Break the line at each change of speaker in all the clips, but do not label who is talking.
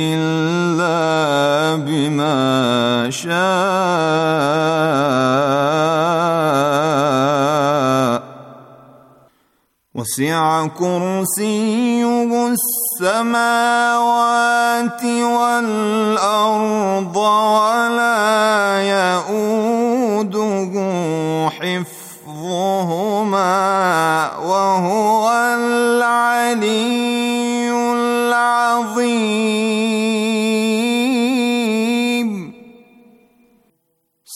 إلا بما شاء وسع كرسيه السماوات والأرض ولا يؤوده حفظ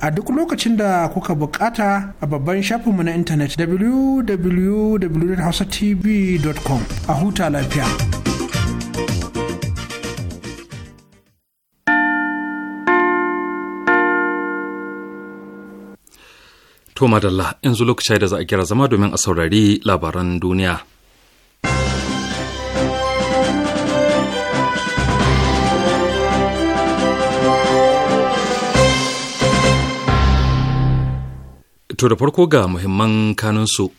a duk lokacin da kuka bukata a babban shafinmu na intanet www.hausatv.com a huta lafiya.
To madalla yanzu lokaci da za a kira zama domin a saurari labaran duniya. To da farko ga muhimman kanunsu.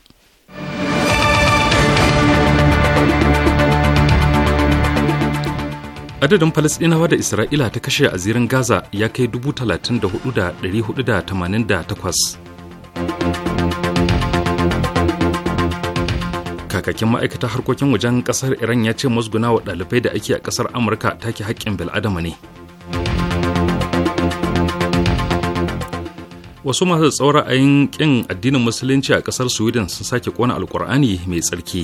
Adadin Falasɗinawa da Isra'ila ta kashe a zirin Gaza ya kai 34,488. Kakakin ma'aikatar harkokin wajen ƙasar Iran ya ce musguna wa ɗalibai da ake a ƙasar Amurka take haƙƙin bil'adama ne. wasu masu tsaura ayin kin addinin musulunci a kasar sweden sun sake kona alkur'ani mai tsarki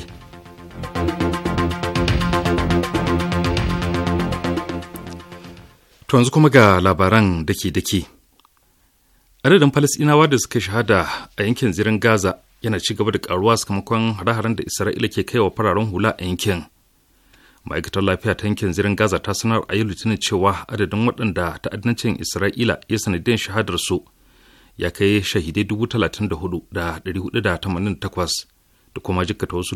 to yanzu kuma ga labaran daki-daki. adadin falasinawa da suka shahada a yankin zirin gaza yana ci gaba da karuwa sakamakon hare-haren da isra'ila ke kaiwa fararen hula a yankin ma'aikatar lafiya ta yankin zirin gaza ta sanar a yi litinin cewa adadin waɗanda ta'addancin isra'ila ya sanadin shahadarsu su ya kai shahidai dubu talatin da da kuma jikata wasu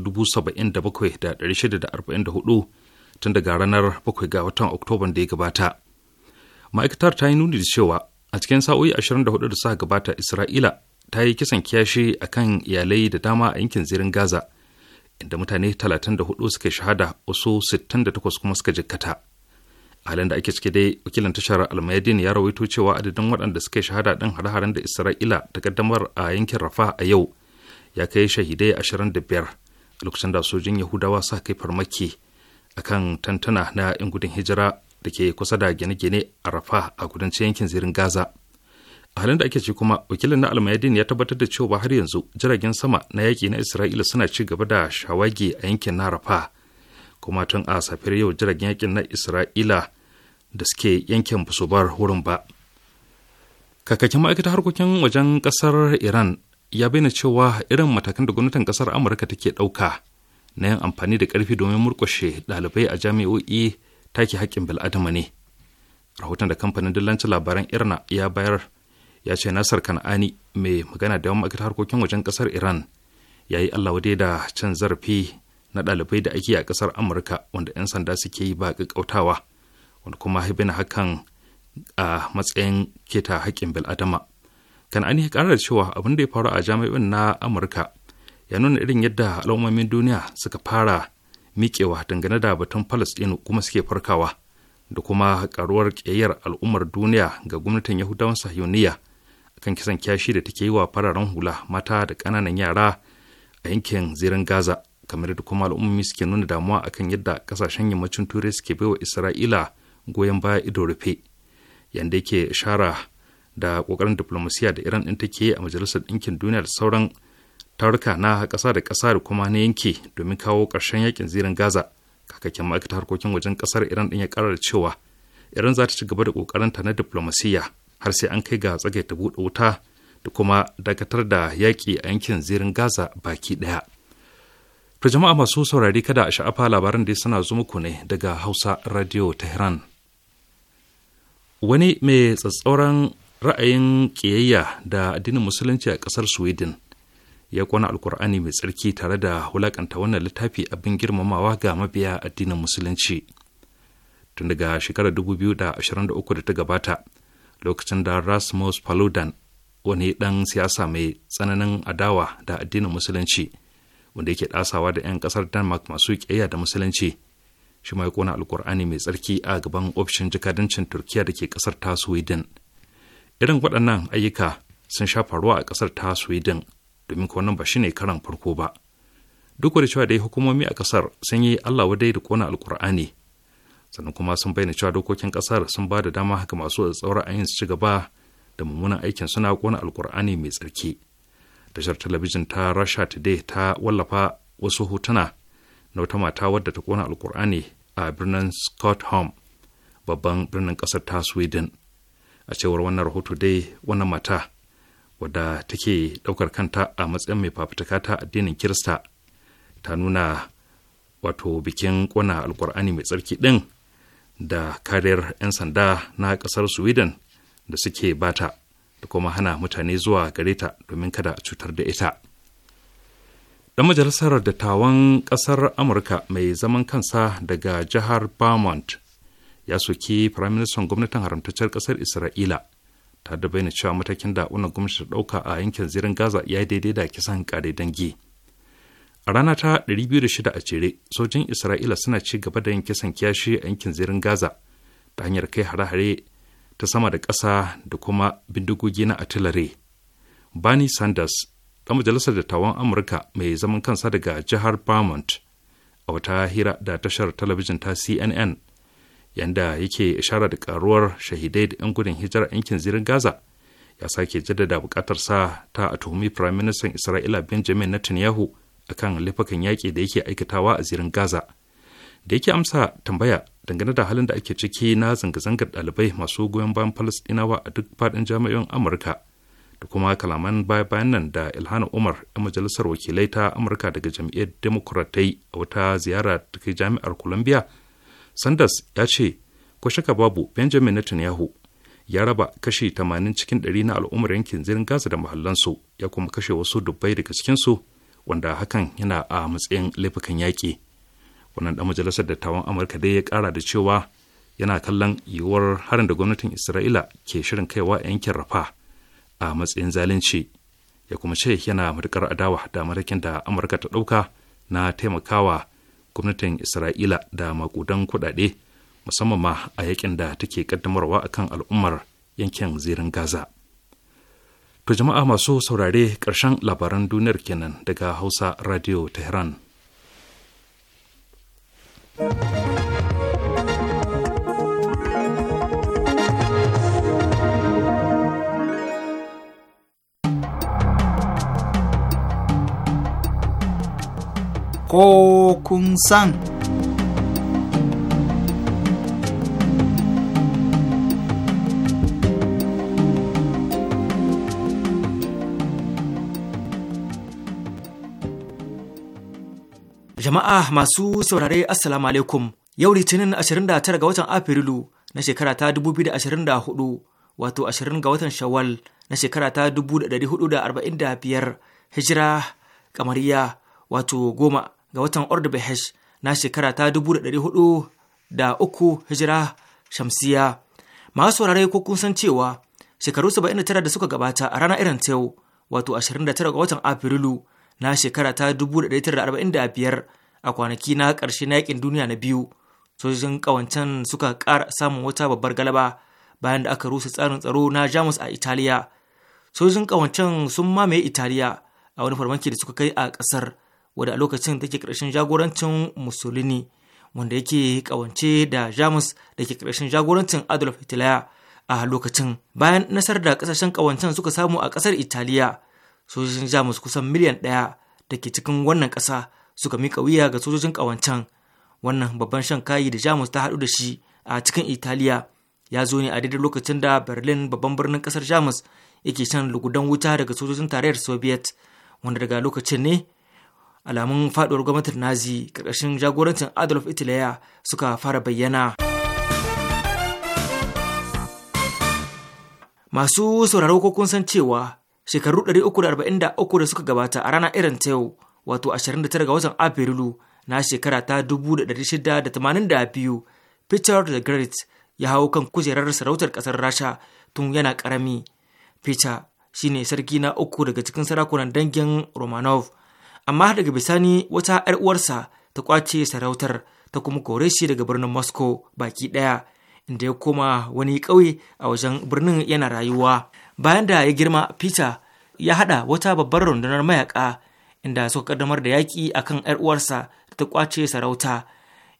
hudu tun daga ranar 7 ga watan Oktoban da ya gabata. Ma'aikatar ta yi nuni da cewa a cikin sa'o'i 24 da suka gabata Isra'ila ta yi kisan kiyashi a kan iyalai da dama a yankin zirin Gaza, inda mutane 34 suka shahada wasu 68 kuma suka jikkata. halin da ake cike dai wakilin tashar almayadin ya rawaito cewa adadin waɗanda suka shahada ɗin hare-haren da isra'ila ta kaddamar a yankin rafa a yau ya kai shahidai ashirin da biyar a lokacin da sojin yahudawa sa kai farmaki a kan tantana na 'yan gudun hijira da ke kusa da gine-gine a rafa a kudancin yankin zirin gaza a halin da ake ci kuma wakilin na almayadin ya tabbatar da cewa har yanzu jiragen sama na yaƙi na isra'ila suna ci gaba da shawagi a yankin na rafa kuma tun a safiyar yau jiragen yaƙin na isra'ila da suke yankin ba wurin ba kakakin ma'aikatar harkokin wajen ƙasar iran ya bayyana cewa irin matakan da gwamnatin ƙasar amurka take ɗauka na yin amfani da ƙarfi domin murƙushe ɗalibai a jami'o'i take haƙƙin bil'adama ne rahoton da kamfanin dillancin labaran irna ya bayar ya ce nasar kan'ani mai magana da ma'aikatar harkokin wajen ƙasar iran ya yi allah wadai da can zarafi na ɗalibai da ake a ƙasar amurka wanda 'yan sanda suke yi ba ƙaƙƙautawa wanda kuma bin hakan a matsayin keta haƙƙin bil'adama kan yi ƙarar cewa abin da ya faru a jami'in na amurka ya nuna irin yadda al'ummomin duniya suka fara miƙewa dangane da batun palestino kuma suke farkawa da kuma ƙaruwar ƙeyar al'ummar duniya ga gwamnatin yahudawan sahiyoniya kan kisan kyashi da take yi wa fararen hula mata da ƙananan yara a yankin zirin gaza kamar da kuma al'ummomi suke nuna damuwa akan yadda kasashen yammacin turai suke baiwa isra'ila goyon baya ido rufe yadda yake shara da ƙoƙarin diflomasiyya da iran ɗin take a majalisar ɗinkin duniya da sauran taruka na ƙasa da ƙasa da kuma na yanki domin kawo ƙarshen yakin zirin gaza kakakin ma'aikata harkokin wajen ƙasar iran ɗin ya karar cewa iran za ta ci gaba da ƙoƙarinta na diflomasiyya har sai an kai ga tsagaita buɗe wuta da kuma dakatar da yaƙi a yankin zirin gaza baki ɗaya To jama'a masu saurari kada a sha'afa labaran da ya sana muku ne daga Hausa Radio Tehran. wani mai tsatsauran ra'ayin kiyayya da addinin musulunci a ƙasar sweden ya kwana alkur'ani mai tsarki tare da wulakanta wannan littafi abin girmamawa ga mabiya addinin musulunci tun daga shekarar 2023 da ta gabata lokacin da rasmus paludan wani ɗan siyasa mai tsananin adawa da addinin musulunci wanda yake ɗasawa da 'yan ƙasar denmark masu kiyayya da musulunci shi ma ya kona alkur'ani mai tsarki a gaban ofishin jikadancin turkiya da ke kasar ta sweden irin waɗannan ayyuka sun sha faruwa a kasar ta sweden domin ko wannan ba ne karan farko ba duk da cewa dai hukumomi a kasar sun yi allah wadai da kona alkur'ani sannan kuma sun bayyana cewa dokokin kasar sun ba da dama haka masu tsaura ayin su ci gaba da mummunan aikin suna kona alkur'ani mai tsarki tashar talabijin ta rasha today ta wallafa wasu hotuna na wata mata wadda ta kona alkur'ani a birnin home babban birnin kasar ta Sweden. A cewar wannan rahoto dai wannan mata wadda take ɗaukar kanta a matsayin mai fafutuka ta addinin Kirista ta nuna wato bikin kona alkur'ani mai tsarki ɗin da kariyar 'yan sanda na ƙasar Sweden da suke bata da kuma hana mutane zuwa gare ta domin kada a cutar da ita. Dan majalisar dattawan ƙasar Amurka mai zaman kansa daga jihar Vermont ya soki firaministan gwamnatin haramtaccen ƙasar Isra'ila ta da bayyana cewa matakin da wannan gwamnati ta ɗauka a yankin zirin Gaza ya daidai da kisan kare dangi. A rana ta 206 a cire sojin Isra'ila suna ci gaba da yin kisan kiyashi a yankin zirin Gaza ta hanyar kai hare-hare ta sama da ƙasa da kuma bindigogi na atilare. Bernie Sanders ɗan majalisar dattawan amurka mai zaman kansa daga jihar vermont a wata hira da tashar talabijin ta cnn yanda yake ishara da karuwar shahidai da 'yan gudun hijirar yankin zirin gaza ya sake jaddada bukatar sa ta a tuhumi prime minister isra'ila benjamin netanyahu akan laifukan yaƙi da yake aikatawa a zirin gaza da yake amsa tambaya dangane da halin da ake ciki na zanga-zangar ɗalibai masu goyon bayan falastinawa a duk faɗin jami'o'in amurka da kuma kalaman baya-bayan nan da ilhana umar 'yan majalisar wakilai ta amurka daga jam'iyyar democratai a wata ziyara ta kai jami'ar columbia sanders ya ce ko shaka babu benjamin netanyahu ya raba kashi 80 cikin 100 na al'ummar yankin zirin gaza da mahallansu ya kuma kashe wasu dubbai daga cikinsu wanda hakan yana a matsayin laifukan yaƙi wannan dan majalisar dattawan amurka dai ya ƙara da cewa yana kallon yiwuwar harin da gwamnatin isra'ila ke shirin kaiwa yankin rafa a matsayin zalunci ya kuma ce yana matuƙar adawa da matakin da amurka ta ɗauka na taimakawa gwamnatin isra'ila da makudan kuɗaɗe musamman ma a yakin da take ƙaddamarwa akan al'ummar yankin zirin gaza to jama'a masu saurare ƙarshen labaran duniyar kenan daga hausa radio tehran
ko kun san.
Jama'a masu saurare Assalamu alaikum yau Litinin 29 ga watan Afrilu na shekara ta 2024 wato 20 ga watan Shawwal na shekara ta 1445 Hijira kamariya wato goma ga watan Ordobehesh na shekara ta 1403 hijira shamsiya. Masu saurare ko kun san cewa shekaru 79 da suka gabata a ranar irin ta yau wato 29 ga watan Afrilu na shekara ta 1945 a kwanaki na ƙarshe na yakin duniya na biyu sojojin ƙawancen suka ƙara samun wata babbar galaba bayan da aka rusa tsarin tsaro na Jamus a Italiya. Sojojin ƙawancen sun mamaye Italiya a wani farmaki da suka kai a ƙasar wadda a lokacin take ƙarshen jagorancin Mussolini wanda yake kawance da Jamus da ke ƙarshen jagorancin Adolf Hitler a lokacin. Bayan nasar da ƙasashen kawancen suka samu a ƙasar Italiya, sojojin Jamus kusan miliyan ɗaya da ke cikin wannan ƙasa suka mika wuya ga sojojin kawancen. Wannan babban shan kayi da Jamus ta haɗu da shi a cikin Italiya ya zo ne a daidai lokacin da Berlin babban birnin ƙasar Jamus yake shan lugudan wuta daga sojojin tarayyar Soviet wanda daga lokacin ne alamun faduwar gwamnatin nazi karkashin jagorancin adolf hitler suka fara bayyana masu sauraro ko kun san cewa shekaru 343 da suka gabata a rana irin ta yau wato 29 ga watan afrilu na shekara ta 1682 peter the great ya hau kan kujerar sarautar kasar rasha tun yana karami peter shine sarki na uku daga cikin sarakunan dangin romanov amma daga bisani wata 'yar uwarsa ta kwace sarautar ta kuma kore shi daga birnin moscow baki ɗaya inda ya koma wani ƙauye a wajen birnin yana rayuwa bayan da ya girma peter ya haɗa wata babbar rundunar mayaka inda suka kaddamar da yaƙi akan 'yar uwarsa ta kwace sarauta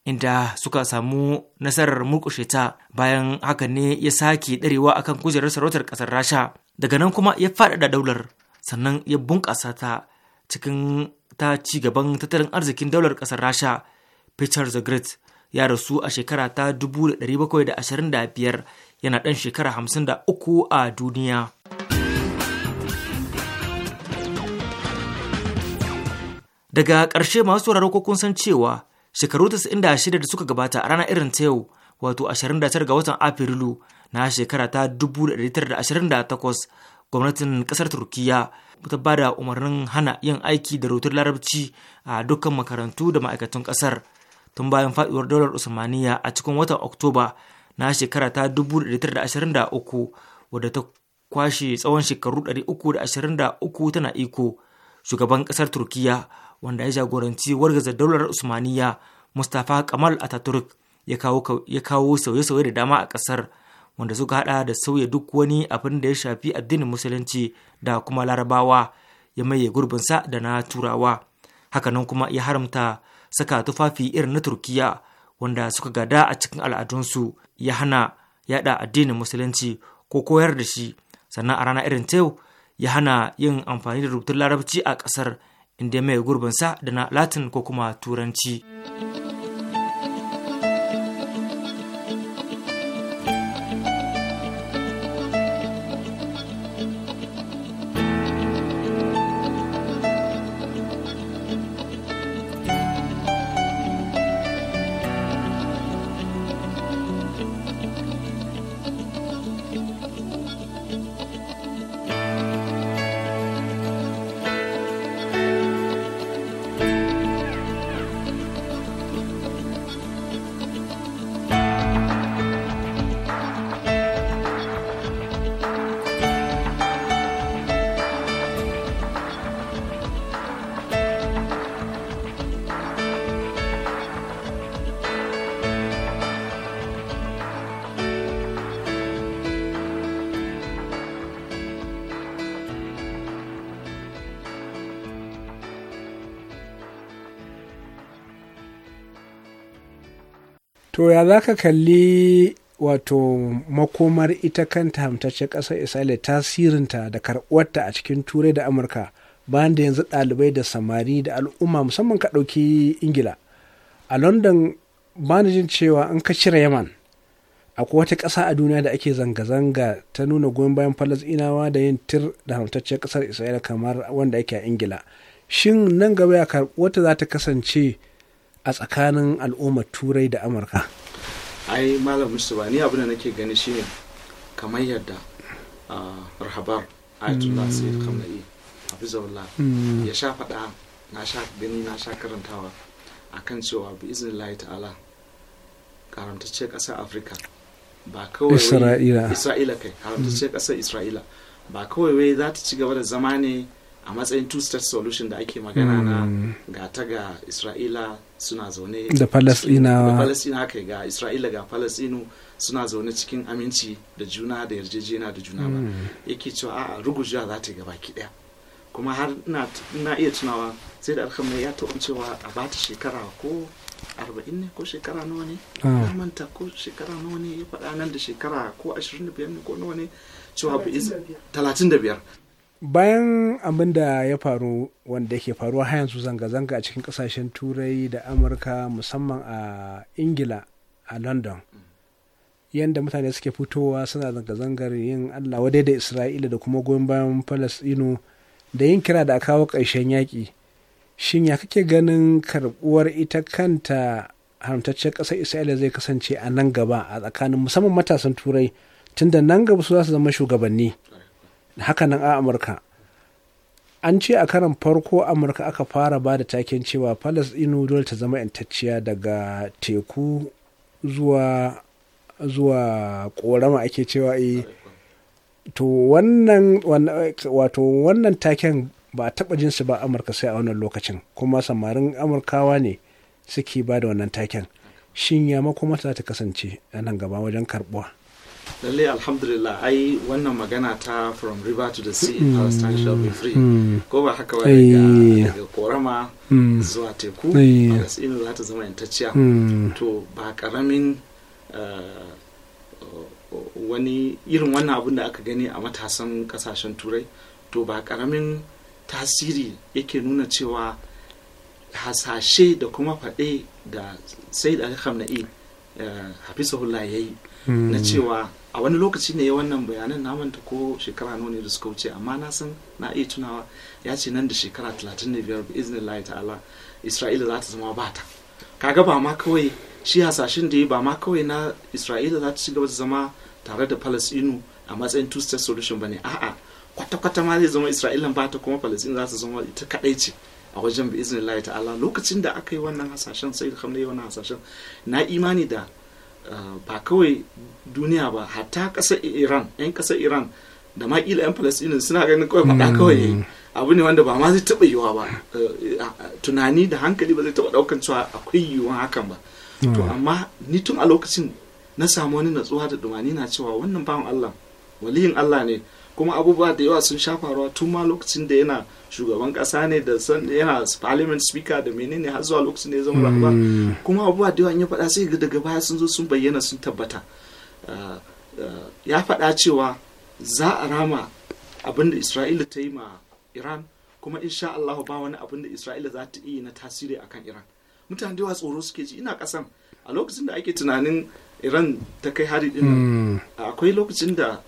inda suka samu nasarar murkushe ta bayan haka ne ya sake ɗarewa akan kujerar sarautar ƙasar rasha daga nan kuma ya faɗaɗa daular sannan ya bunƙasa ta cikin ta ci gaban tattalin arzikin daular ƙasar rasha peter the great ya rasu a shekara ta 1725 yana ɗan shekara 53 a duniya daga ƙarshe masu sauraro ko kun san cewa shekaru 96 da suka gabata a ranar irin ta yau wato 29 ga watan afrilu na shekara ta 1928 gwamnatin kasar turkiya ta ba da umarnin hana yin aiki da rutun larabci a dukkan makarantu da ma'aikatan kasar tun bayan faduwar daular usmaniya a cikin watan oktoba na shekara ta 1923 wadda ta kwashe tsawon shekaru 323 tana iko shugaban kasar turkiya wanda ya jagoranci wargaza daular usmaniya mustapha kamal ataturk ya kawo sauye-sauye da dama a kasar wanda suka hada da sauya duk wani abin da ya shafi addinin musulunci da kuma larabawa ya maye gurbinsa da na turawa hakanan kuma ya haramta saka tufafi irin na turkiya wanda suka gada a cikin al'adunsu ya hana yada addinin musulunci ko koyar da shi sannan a rana irin ta yau ya hana yin amfani da rubutun larabci a ƙasar inda ya maye gurbinsa da na latin ko kuma turanci.
koya ya za ka kalli wato makomar ita kanta hamtaccen ƙasar isra'ila tasirinta da karɓuwarta a cikin turai da amurka bayan da yanzu ɗalibai da samari da al'umma musamman ka ɗauki ingila a london ba na jin cewa an ka cire yaman akwai wata ƙasa a duniya da ake zanga-zanga ta nuna goyon bayan falasɗinawa da yin tir da hamtaccen ƙasar isra'ila kamar wanda ake a ingila shin nan gaba ya wata za ta kasance a tsakanin al'ummar turai da amurka
ai malam mustapha ni abin da nake gani shine kamar yadda rahabar ayatollah sayyid hmm. abu zaula hmm. ya sha faɗa na sha gani na sha karantawa akan cewa bi layi ta'ala karantacce ƙasar afirka ba kawai isra'ila kai karantacce hmm. ƙasar isra'ila ba kawai wai za ta ci gaba da zama ne a matsayin two-state solution da ake magana na hmm. ga ta ga isra'ila suna zaune da palestina haka ga isra'ila ga falasinu suna zaune cikin aminci da juna da yarjejena da juna ba hmm. yake cewa a rugujewa za ta gaba ki daya kuma har na iya tunawa sai da alhamdulillah ya taɓa cewa a bata shekara ko arba'in ne ko shekara nawa ne ya ah. manta ko shekara nawa ne ya faɗa nan da shekara ko ashirin da biyar ne ko nawa ne cewa talatin da biyar
bayan abin da ya faru wanda ke faruwa har yanzu zanga-zanga a cikin kasashen turai da amurka musamman a ingila a london yadda mutane suke fitowa suna zanga-zangar yin allah wadai da isra'ila da kuma goyon bayan palestino da yin kira da a kawo ƙarshen yaƙi shin ya kake ganin karɓuwar ita kanta haramtacciyar ƙasar isra'ila zai kasance a nan gaba a tsakanin musamman matasan turai tunda nan gaba su za su zama shugabanni hakanan a amurka an ce a karan farko amurka aka fara ba da taken cewa palestino dole ta zama yantacciya daga teku zuwa zuwa korama ake cewa e to wannan wato wannan taken ba a taɓa jinsu ba amurka sai a wannan lokacin kuma samarin amurkawa ne suke ba da wannan taken shin ya za ta kasance a nan gaba wajen karbuwa
lalle alhamdulillah ai wannan magana ta from river to the sea hmm. palestine shall be free
hmm. ko ba haka
wani daga korama hmm. zuwa teku palestine za ta zama yantacciya to ba karamin eh, wani irin wannan abun da aka gani a matasan kasashen turai to ba karamin tasiri yake nuna cewa hasashe da kuma faɗe da sai da khamenei Eh, hafisahullah ya yi
hmm. na cewa
a wani lokaci ne ya wannan bayanan na ko shekara nawa ne da suka wuce amma na san na iya tunawa ya ce nan da shekara 35 bi iznillahi ta'ala isra'ila za ta zama bata kaga ba ma kawai shi hasashen da ya ba ma kawai na isra'ila za ta ci gaba zama tare da palestinu a matsayin two state solution ba ne. a'a kwata-kwata ma zai zama isra'ilan bata kuma palestinu za ta zama ita kadai ce a wajen bi izinin Allah ta'ala lokacin da aka yi wannan hasashen sai da kamar wannan hasashen na imani da uh, ba kawai duniya ba hatta ƙasar Iran yan ƙasar Iran da ma ƙila yan palestinian suna ganin kawai faɗa hmm. kawai abu ne wanda ba ma zai taɓa yiwuwa ba uh, tunani da hankali ba zai taɓa ɗaukan cewa akwai yiwuwan hakan ba to hmm. amma ni tun a lokacin na samu wani natsuwa da dumani na cewa wannan bawan Allah waliyin Allah ne kuma abubuwa da yawa sun sha faruwa tun ma lokacin da yana shugaban kasa ne da yana parliament speaker da menene har zuwa lokacin da ya zama
rahaba hmm.
kuma abubuwa da yawa in ya faɗa sai daga baya sun zo sun bayyana sun tabbata ah, ah, ya faɗa cewa za a rama abin da isra'ila ta yi ma iran kuma insha allahu ba wani abin da isra'ila za ta iya na tasiri akan iran mutane da yawa tsoro suke ji ina kasan a lokacin da ake tunanin iran ta kai hari din hmm. akwai lokacin da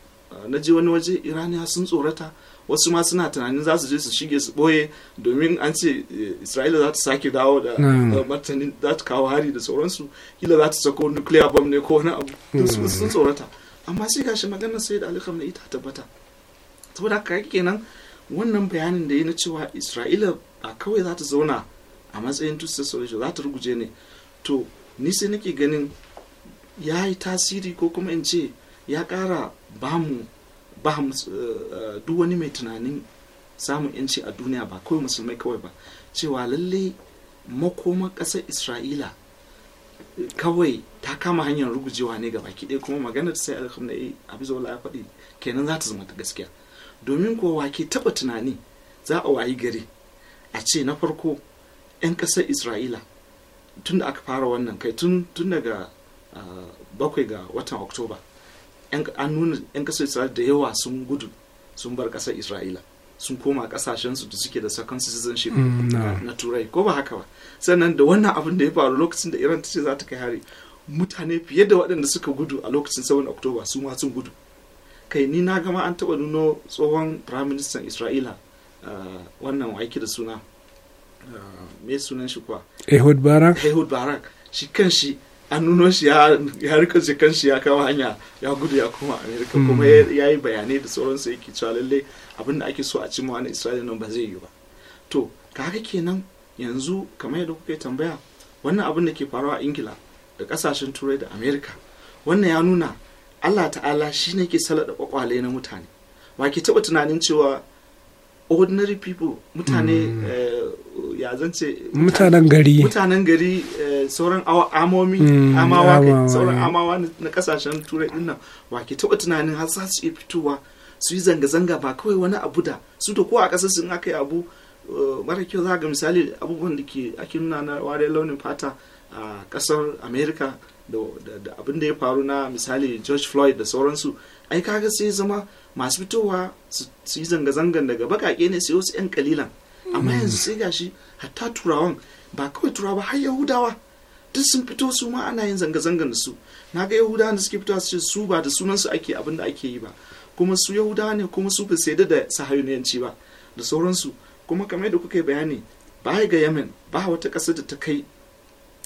na je wani waje iraniya sun tsorata wasu ma suna tunanin za su je su shige su boye domin an ce eh, isra'ila za ta sake dawo hmm. da martani za ta kawo hari da sauransu kila za ta sako nuclear bomb ne ko wani abu hmm. sun tsorata amma sai gashi maganar sai da alikam na ita tabbata saboda haka kenan wannan bayanin da ya na cewa isra'ila ba kawai za ta zauna a matsayin two state za ta ruguje ne to ni sai nake ganin ya yi tasiri ko kuma in ce ya kara ba mu eh, eh, duk wani mai tunanin samun yanci a duniya ba kawai musulmai kawai ba cewa lalle makoma ƙasar isra'ila kawai ta kama hanyar rugujewa ne ga baki ɗaya kuma maganar sai alhamdulillah eh, abu zaula ya faɗi kenan za ta zama ta gaskiya domin kuwa wake taɓa tunani za a wayi gari a ce na farko 'yan ƙasar isra'ila tun da aka fara wannan kai tun daga ah, bakwai ga watan oktoba an nuna 'yan kasar isra'ila da yawa sun gudu sun bar kasar isra'ila sun koma kasashensu da suke da second citizenship mm, na turai ko ba haka ba sannan da wannan abin da ya faru lokacin da iran ta ce za ta kai hari mutane fiye da waɗanda suka gudu a lokacin 7 oktoba su ma sun gudu kai ni na gama an taɓa nuno tsohon firaministan isra'ila uh, wannan waiki da suna uh, me sunan shi kuwa
ehud barak
ehud barak shi kan shi an nuno shi ya rika kan shi ya kawo hanya ya gudu ya koma amerika hmm. kuma ya yi bayanai da sauransu yake cewa lallai abin da ake so a cimma na isra'ila nan ba zai yi ba to kaka kenan yanzu kamar yadda kuka yi tambaya wannan abin da ke faruwa a ingila da kasashen turai da amerika wannan ya nuna allah ta'ala shi ne ke salada kwakwale na mutane ba ke taba tunanin cewa ordinary people mutane mm. eh, ya zance mutanen gari mutanen gari eh, sauran amomi mm, amawa sauran amawa na kasashen turai dinnan wake ke taba tunanin har za su iya fitowa su yi zanga-zanga ba kawai wani abu da su da ko a kasar sun aka yi abu eh, mara kyau za ga misali abubuwan da ke ake nuna na ware launin fata a kasar america da abin da ya faru na misali george floyd da sauransu ai kaga sai zama masu fitowa su yi zanga-zangan daga bakake ne sai wasu 'yan kalilan amma hmm. yanzu sai gashi hatta turawan ba kawai turawa ba har yahudawa duk sun fito su ma ana yin zanga-zangan da su na ga yahudawa da suke fitowa su ce su ba da sunansu ake abin da ake yi ba kuma su yahudawa ne kuma su saida da sahayuniyanci ba da sauransu kuma kamar yadda kuka yi bayani ya ga yemen ba wata ƙasa da ta kai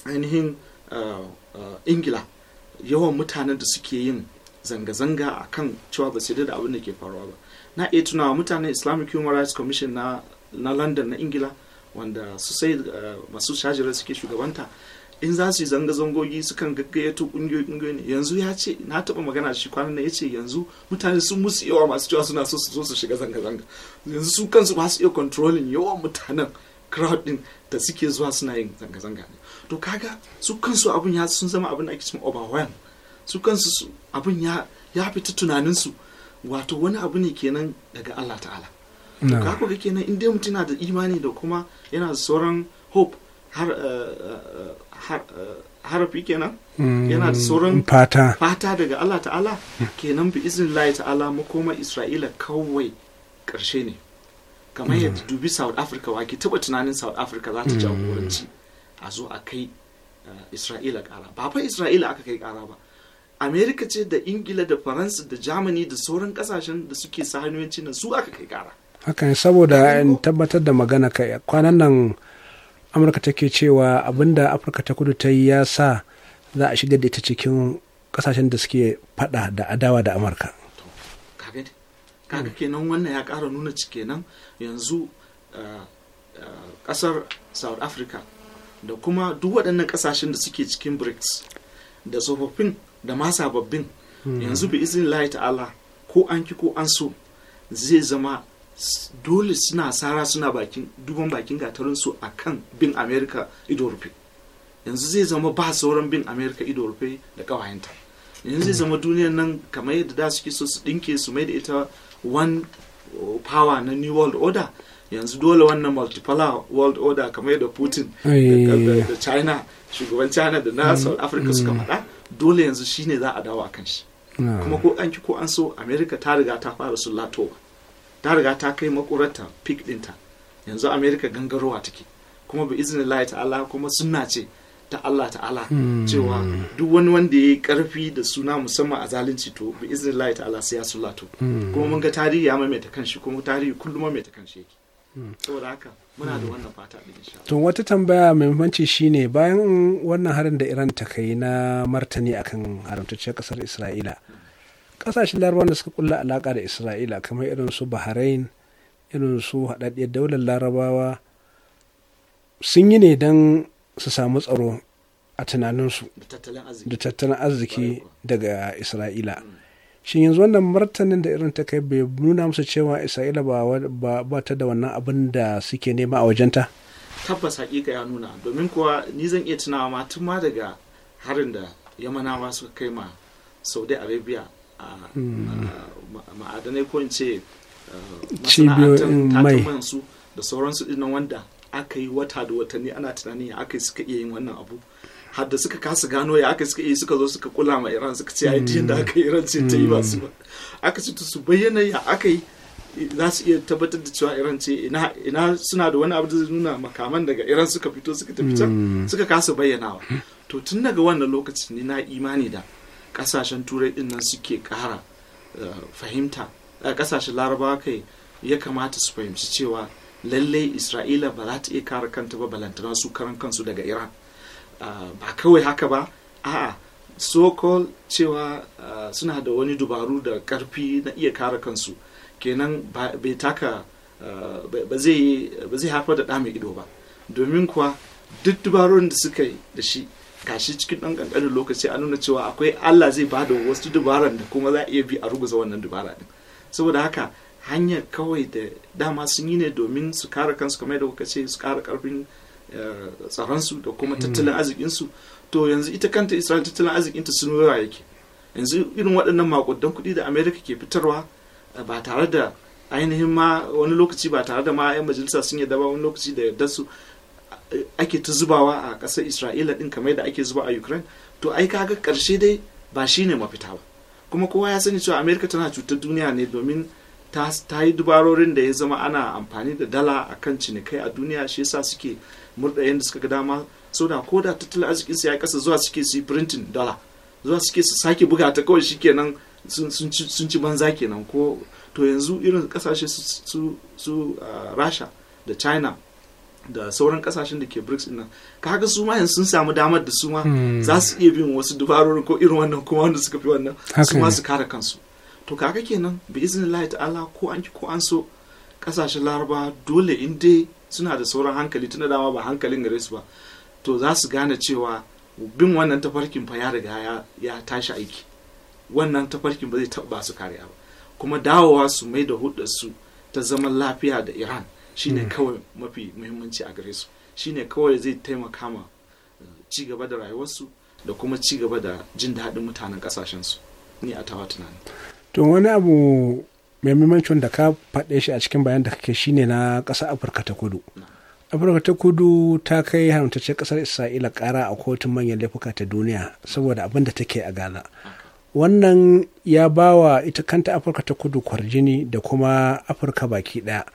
ainihin ah, ah, ingila yawan mutanen da suke yin zanga-zanga a kan cewa ba su da abin da ke faruwa ba na iya tunawa mutane islamic human rights commission na, na london na ingila wanda su sai eh, masu shajira suke shugabanta in za su yi zanga-zangogi sukan gaggayyato kungiyoyi ne yanzu ya ce na taba magana shi kwanan nan ya ce yanzu mutane sun musu yawa masu cewa suna so su zo su shiga zanga-zanga yanzu su kansu ba su iya controlling yawan mutanen crowd din da suke zuwa suna yin zanga-zanga ne to kaga su kansu abun ya sun zama abin da ake cin overwhelm su kansu abin ya fi fita tunaninsu wato wani abu ne kenan daga Allah ta'ala to ka kenan inda mutum na da imani da kuma yana da sauran hope har eh, eh, eh, harafi kenan mm, yana da sauran fata daga Allah ta'ala kenan bi izin Allah ta'ala makoma Isra'ila kawai karshe ne kamar mm. yadda dubi South Africa wa ke taba tunanin South Africa za ta mm. jagoranci a zo a kai Isra'ila kara ba fa Isra'ila aka kai kara ba amerika ce da ingila da faransa da germany da sauran kasashen da suke sahanuyanci nan su aka kai kara
hakan saboda in tabbatar da magana kai kwanan nan amurka take cewa abinda afirka ta kudu ta yi ya sa za a shigar da ita cikin kasashen da suke fada da adawa da amurka
kaga kenan wannan ya kara nuna nan yanzu kasar eh, eh, south africa da kuma duk waɗannan kasashen da suke cikin brics da tsofaffin da ma sababbin hmm. yanzu bi izin lai ta'ala ko an ki ko an so zai zama dole suna sara suna bakin duban bakin gatarin su kan bin america ido rufe yanzu zai zama ba sauran bin amerika ido rufe da kawayenta yanzu zai hmm. zama duniyar nan kamar yadda da suke so su dinke su mai da ita one oh, power na new world order yanzu dole wannan multipolar world order kamar yadda putin da china shugaban china da na hmm. south africa suka faɗa dole yanzu shi ne za a dawo a kan shi kuma ko an ki ko an so amerika ta riga ta fara sullatowa ta riga ta kai makurarta pik dinta yanzu Amerika gangarowa take kuma bi izinin Allah ta'ala kuma sunna ce ta Allah ta'ala hmm. cewa duk wani wanda ya yi karfi da suna musamman a zalunci to bi izinin Allah ta'ala sai ya sullato hmm. kuma mun ga tarihi ya maimaita kanshi kuma tarihi kullum maimaita kanshi yake hmm. saboda haka
muna
to wata tambaya mai muhimmanci shine bayan wannan harin da Iran ta kai na martani akan haramtacciyar kasar Isra'ila kasashen larabawa da suka kulla alaka da Isra'ila kamar irin su Bahrain irin su haɗaɗɗiyar daular larabawa sun yi ne don su samu tsaro a tunaninsu da tattalin arziki daga Isra'ila mm. shin yanzu wannan martanin da irin ta kai bai nuna musu cewa isra'ila ba ta da wannan abin da suke nema a wajenta
tabbas hakika ya nuna domin kuwa ni zan iya tunawa ma tun ma daga harin da yamanawa suka kai ma saudi arabia a hmm. ma'adanai ko in ce eh,
masana'antar
su da sauransu dinnan wanda aka yi wata da watanni ana tunanin ya aka yi suka iya yin wannan abu har da suka kasa gano ya aka suka yi suka zo suka kula ma iran suka ce ai da mm. aka yi iran ce ta yi masu mm. ba aka ce su bayyana ya aka yi za su iya tabbatar da cewa iran ce ina suna da wani abu da zai nuna makaman daga iran suka fito suka tafi can mm. suka kasa bayyanawa to tun daga wannan lokacin ne na imani da kasashen turai din nan suke kara eh, fahimta kasashen eh, larabawa kai ya kamata su fahimci cewa lallai isra'ila ba za ta iya kare kanta ba balantana su karan kansu daga iran Ah, ba kawai haka ba a'a sokol cewa ah, suna da wani dubaru da karfi na iya kare kansu kenan bai taka ah, ba zai haifar da ɗa mai ido ba domin kuwa duk dubarun da suka yi da shi kashi cikin ɗan ƙanƙanin lokaci a nuna cewa akwai Allah zai ba da wasu dubaran da kuma za a iya bi a ruguza wannan dubara din saboda haka hanyar kawai da dama sun yi ne domin su kare kansu kamar da kuka ce su kare ƙarfin Eh, tsaronsu da kuma tattalin hmm. arzikinsu to yanzu ita kanta israel tattalin arzikinta sun rura yake yanzu irin waɗannan makudan kuɗi da amerika ke fitarwa eh, ba tare da ainihin ma wani lokaci ba tare da ma 'yan majalisa sun yadda ba wani lokaci da yardar su eh, ake ta zubawa a ƙasar isra'ila ɗin kamar da ake zuba a ukraine to ai kaga ƙarshe dai ba shine mafita ba kuma kowa ya sani cewa amerika tana cutar duniya ne domin ta yi dubarorin da ya zama ana amfani da dala a kan cinikai a duniya shi yasa suke murɗayen da suka ga dama Soda ko da tattalin arzikin su ya kasa zuwa suke su yi printing dollar zuwa suke su sake buga ta kawai shikenan sun ci banza kenan ko to yanzu irin kasashe su Rasha da China da sauran kasashen da ke BRICS din nan kaga su ma yanzu sun samu damar da su ma hmm. za su iya bin wasu dabarorin ko irin wannan kuma wanda suka fi wannan su ma su kare kansu to kaga kenan bi iznillahi ta'ala ko an ki ko an so kasashen laraba dole in dai suna da sauran hankali tunda dama ba hankalin gare su ba to za su gane cewa bin wannan tafarkin fa ya riga ya tashi aiki wannan tafarkin ba zai taɓa su kariya ba kuma dawowa su mai da hudu su ta zaman lafiya da iran shine hmm. kawai mafi muhimmanci a gare su shine kawai zai taimaka ma eh, ci gaba da rayuwarsu da kuma ci gaba da jin daɗin mutanen ƙasashensu ni a tawa tunani
to wani abu mai muhimmancin da ka faɗe shi a cikin bayan da kake shine na ƙasar afirka ta kudu afirka ta kudu ta kai haramtaccen ƙasar isra'ila ƙara a kotun manyan laifuka ta duniya saboda abin da take a gaza wannan ya bawa ita kanta afirka ta kudu kwarjini da kuma afirka baki ɗaya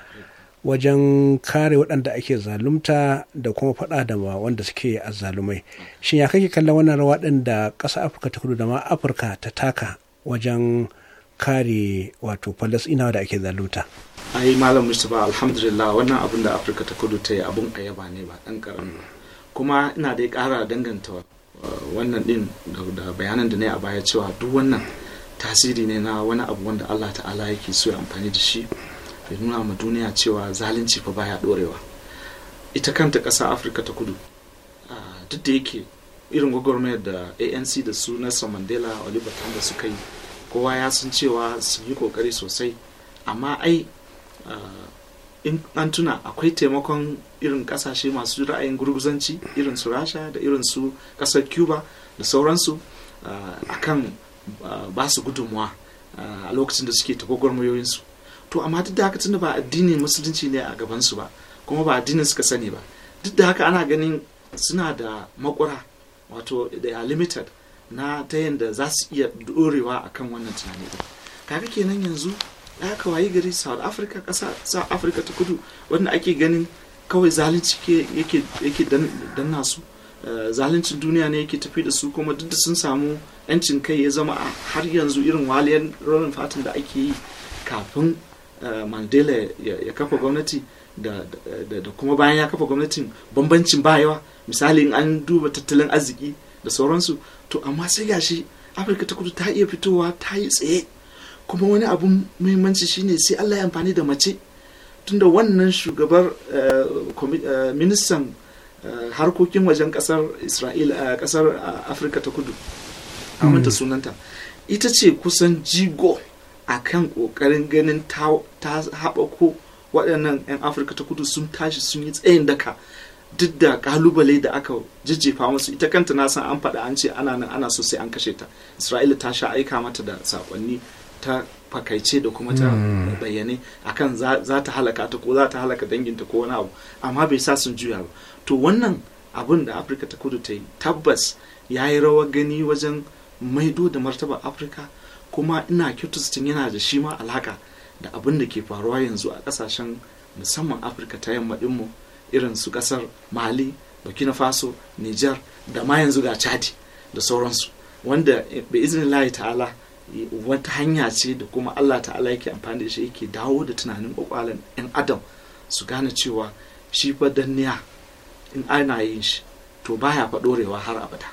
wajen kare waɗanda ake zalumta da kuma faɗa da ma wanda suke a zalumai shin ya kake kallon wannan rawa ɗin da ƙasa afirka ta kudu da ma afirka ta taka wajen kare wato ina da ake zaluta
ai malam mustapha alhamdulillah wannan abin da afirka ta kudu ta yi abin ayaba ne ba ɗan ƙaramin kuma ina dai kara danganta uh, wannan din da bayanan da ne a baya cewa duk wannan tasiri ne na wani abu wanda allah ta'ala yake so ya amfani da shi ya nuna ma duniya cewa zalunci fa baya dorewa. ita kanta ƙasa afirka ta kudu uh, duk da yake irin gwagwarmayar da anc da su nelson mandela oliver tambo suka yi kowa ya san cewa su yi kokari sosai amma ai in an tuna akwai taimakon irin kasashe masu ra'ayin gurguzanci irin su rasha da irin su kasar cuba da sauransu kan ba su gudunmuwa a lokacin da suke tagogwarmayoyinsu to amma duk da haka tunda ba addinin musulunci ne a gabansu ba kuma ba addinin suka sani ba duk da haka ana ganin suna da makura wato they are limited na ta yadda za su iya dorewa a kan wannan tunani ɗin kafi kenan yanzu aka wayi gari south africa ƙasa south africa ta kudu wanda ake ganin kawai zalunci yake danna su eh, zaluncin duniya ne yake tafi da su kuma duk da sun samu yancin kai ya zama har yanzu irin waliyar ronin fatan da ake yi kafin eh, mandela ya kafa gwamnati da kuma bayan ya kafa gwamnatin bambancin bayawa misali in an duba tattalin arziki da sauransu to amma sai gashi afirka ta kudu ta iya fitowa ta yi tsaye kuma wani abun muhimmanci shine sai allah ya amfani da mace tunda wannan shugabar eh, eh, ministan eh, harkokin wajen kasar a kasar afirka ta kudu aminta hmm. sunanta ita ce kusan jigo a kan ƙoƙarin ganin ta haɓako waɗannan 'yan afirka ta kudu sun tashi sun yi tsayin daka duk da kalubale da aka jijjefa masu ita kanta na san an faɗa an ce ana nan ana so sai an kashe ta isra'ila ta sha aika mata da sakonni ta fakaice da kuma ta hmm. bayyane akan za ta halaka ta ko za ta halaka danginta ko wani abu amma bai sa sun juya ba to wannan abin da afirka ta kudu ta yi tabbas ya yi rawar gani wajen maido da martaba afirka kuma ina kyautustin yana da shi ma alaka da abin da ke faruwa yanzu a kasashen musamman afirka ta yamma dinmu irin su kasar mali burkina faso niger da ma yanzu ga chadi da sauransu wanda bai eh, bi layi ta'ala eh, wata hanya ce da kuma allah ta'ala yake amfani da shi yake dawo da tunanin kwakwalan yan adam su gane cewa shi fa danniya in ana yin shi to baya fa dorewa har abada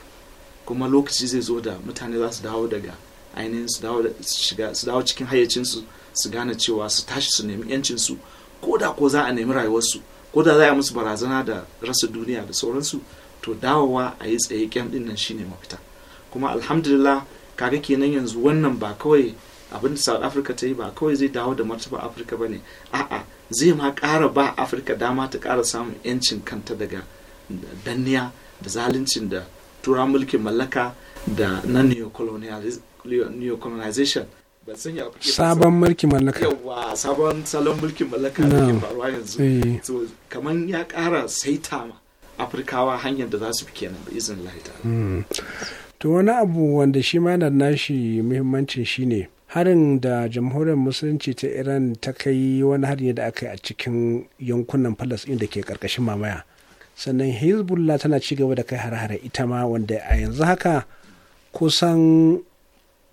kuma lokaci zai zo da mutane za su dawo daga ainihin su dawo su dawo cikin hayyacinsu su gane cewa su tashi su nemi yancinsu ko da ko za a nemi rayuwarsu ko da za a musu barazana da rasa duniya da sauransu to dawowa a yi tsaye kyan din nan shine mafita kuma alhamdulillah kaga kenan yanzu wannan ba kawai abin da South Africa ta yi ba kawai zai dawo da martaba ba bane a'a zai ma ƙara ba Afirka dama ta ƙara samun yancin kanta daga danniya da zaluncin da tura mulkin mallaka da na neo-colonization.
sabon mulkin mallaka
yawa sabon salon mulkin mallaka da ke faruwa yanzu so eh. kamar ya kara saita ma afirkawa hanyar da za su fi kenan da izin lahita
hmm. to wani abu wanda shi ma da nashi muhimmancin shine harin da jamhuriyar musulunci ta iran ta kai wani hari da aka yi a cikin yankunan falasɗin da ke karkashin mamaya sannan hezbollah tana ci gaba da kai har-hare ita ma wanda a yanzu haka kusan